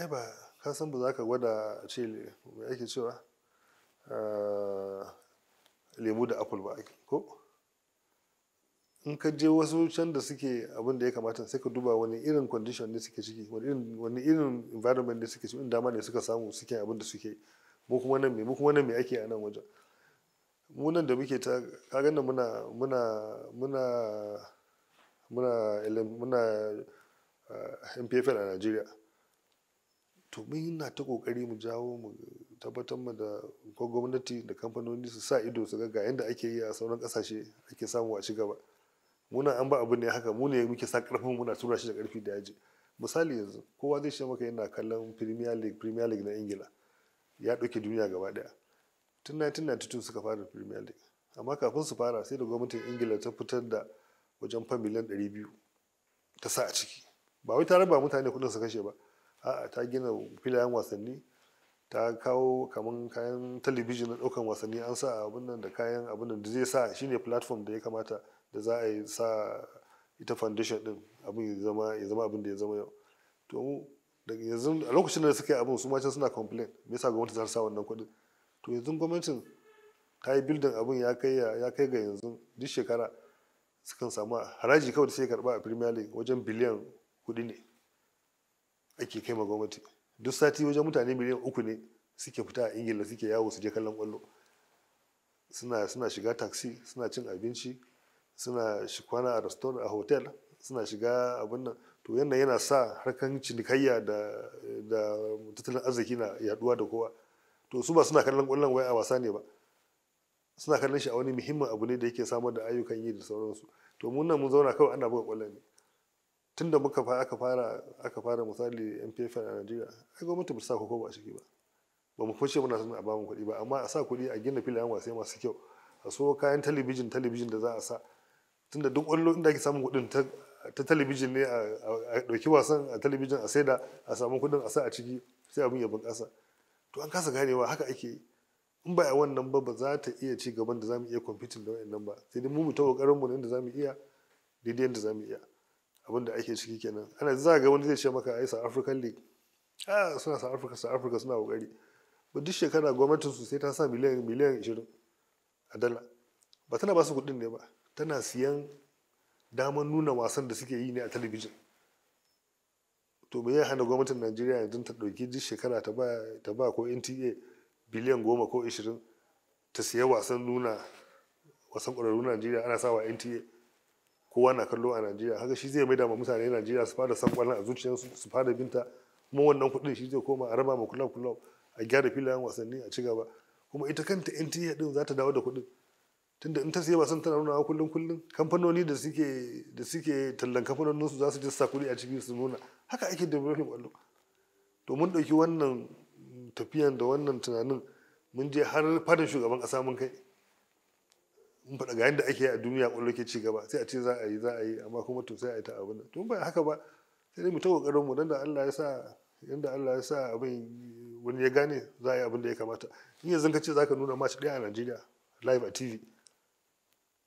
ai ba ka san ba za ka gwada a ce mai ake cewa eh, lemu da apple ba ko in ka je wasu can da suke abin da ya kamata sai ka duba wani irin condition ne suke ciki wani irin environment ne suke ciki in dama ne suka samu suke abin da suke mu kuma nan me mu kuma nan me ake a nan wajen mu nan da muke ta kaga nan muna muna muna muna muna eh, MPFL a Najeriya to yi na ta kokari mu jawo mu tabbatar mu da ko gwamnati da kamfanoni su sa ido su ga yadda ake yi a sauran kasashe ake samu a ci gaba muna an ba abu ne haka mu ne muke sa karfin muna tura shi da karfi da yaji misali yanzu kowa zai shi maka yana kallon premier league premier league na ingila ya dauke duniya gaba daya tun 1992 suka fara premier league amma kafin su fara sai da gwamnatin ingila ta fitar da wajen fan miliyan 200 ta sa a ciki ba wai ta raba mutane kudin su kashe ba a'a ta gina filayen wasanni ta kawo kamar kayan talabijin na ɗaukan wasanni an sa abin nan da kayan abin da zai sa shine platform da ya kamata da za a yi sa ita foundation din abin ya zama abin da ya zama yau to daga yanzu a lokacin da suka yi abin su ma suna complain me yasa gwamnati za ta sa wannan kuɗin to yanzu gwamnatin ta yi bildin abin ya kai ya kai ga yanzu duk shekara sukan samu haraji kawai da sai karba a premier league wajen biliyan kuɗi ne ake kai ma gwamnati duk sati wajen mutane miliyan uku ne suke fita a ingila suke yawo su je kallon kwallo suna suna shiga taxi suna cin abinci suna kwana a restaurant a hotel suna shiga abin nan to yana yana sa harkar cinikayya da da tattalin arziki na yaduwa da kowa to su ba suna kallon kwallon wai a wasa ne ba suna kallon shi a wani muhimmin abu ne da yake samar da ayyukan yi da sauransu to mun nan mun zauna kawai ana buga kwallon ne tun da muka aka fara aka fara misali MPF a Najeriya ai gwamnati ba sa koko ba a ciki ba ba mu fushe muna son a bamu kuɗi ba amma a sa kuɗi a gina filayen wasai masu kyau a so kayan talabijin talabijin da za a sa tunda duk wani da ake samun kuɗin ta talabijin ne a ɗauki wasan a talabijin a saida a samu kuɗin a sa a ciki sai abin ya bunƙasa to an kasa ganewa haka ake yi in ba a wannan ba ba za ta iya ci gaban da za mu iya kwamfitin da wa'annan ba sai dai mu mu ta mu ne da za mu iya daidai yadda za mu iya abin da ake ciki kenan ana za ga wani zai ce maka ai South African League ah suna South Africa South Africa suna kokari ba duk shekara gwamnatin su sai ta sa miliyan miliyan 20 a dala ba tana ba su kuɗin ne ba tana siyan damar nuna wasan da suke yi ne a talabijin to me ya hana gwamnatin Najeriya yanzu ta dauki duk shekara ta ba ta ba ko NTA biliyan goma ko 20 ta siya wasan nuna wasan ƙwararru Najeriya ana sawa NTA kowa na kallo a najeriya haka shi zai maida ma mutane najeriya su fara san a zuciyarsu su fara binta kuma wannan kuɗin shi zai koma a raba ma kulab kulab a gyara filayen wasanni a ci gaba kuma ita kanta nta din za ta dawo da kuɗin tunda in ta siya wasan tana nuna kullum kullum kamfanoni da suke da suke tallan kamfanonin su za su sa kuɗi a cikin su nuna haka ake developing kwallo to mun ɗauki wannan tafiyan da wannan tunanin mun je har fadin shugaban ƙasa mun kai ba ga yadda ake a duniya ƙwallo ke ci gaba sai a ce za a yi za a yi amma kuma to sai a yi ta abin da tun ba haka ba sai dai mu ta ƙoƙarin mu dan da Allah ya sa yanda Allah ya sa abin wani ya gane za a yi abin da ya kamata in yanzu ka ce za ka nuna match ɗaya a Najeriya live a TV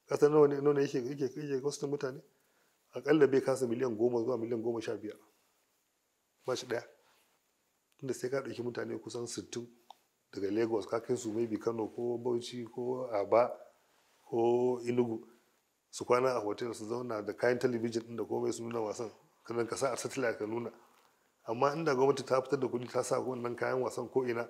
kasan nawa ne nawa yake yake yake kwastin mutane akalla bai kasa miliyan goma zuwa miliyan goma sha biyar match ɗaya tunda sai ka ɗauki mutane kusan sittin daga Lagos ka kai su maybe Kano ko Bauchi ko Aba ko inugu su kwana a hotel su zauna da kayan talabijin ɗin da komai su nuna wasan kanan ka sa a satellite ka nuna amma inda gwamnati ta fitar da kuɗi ta sa wannan kayan wasan ko ina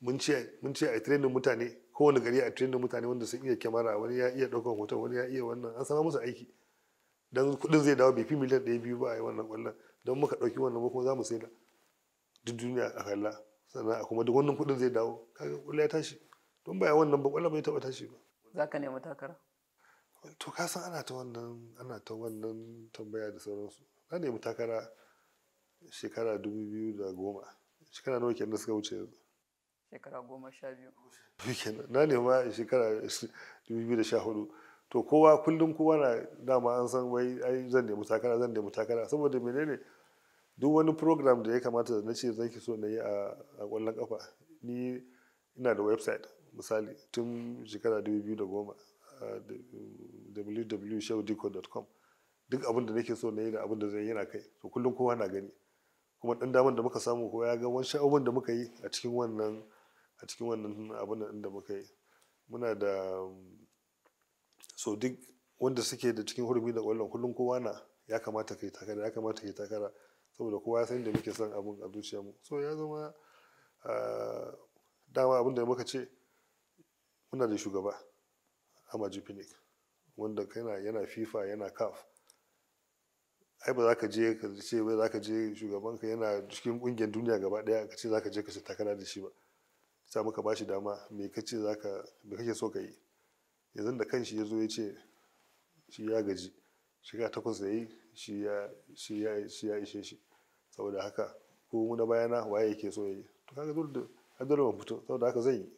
mun ce a training mutane kowane gari a training mutane wanda sun iya kyamara wani ya iya ɗaukar hoton wani ya iya wannan an sama musu aiki don kuɗin zai dawo bai fi miliyan ɗaya biyu ba a yi wannan ƙwallon don muka ɗauki wannan kuma za mu sai da duk duniya a kalla sannan kuma duk wannan kuɗin zai dawo kaga ƙwallo ya tashi don ba ya wannan ba ƙwallon bai taɓa tashi ba za ka nemi takara to ka san ana ta wannan ana ta wannan tambaya da sauransu na nemi takara shekara dubu biyu da goma shekara nawa kenan suka wuce yanzu shekara goma sha biyu na nema shekara dubu biyu da sha hudu to kowa kullum kowa na dama an san wai ai zan nemi takara zan nemi takara saboda menene duk wani program da ya kamata na ce zan ki so na yi a kwallon kafa ni ina da website misali tun shekara 2010 www.shewdiko.com duk abin da nake so na yi da abin da zai yana kai to kullum kowa na gani kuma dan daman da muka samu kowa ya ga wani sha'awar da muka yi a cikin wannan a cikin wannan abin da muka yi muna da so duk wanda suke da cikin hurumi da kwallon kullum kowa na ya kamata kai takara ya kamata kai takara saboda kowa san da muke son abin a mu so ya zama dama abin da muka ce muna da shugaba amaji phoenix wanda yana yana fifa yana caf ai ba za ka je ka ce ba za ka je shugabanka yana cikin kungiyar duniya gaba daya ka ce za ka je ka ce takara da shi ba sai muka bashi dama me ka ce za ka me kake so ka yi yanzu da kanshi ya zo ya ce shi ya gaji shiga takwas da yi shi ya shi ya shi ya ishe shi saboda haka ko mu na bayana waye yake so ya yi to kaga dole a dole fito saboda haka zan yi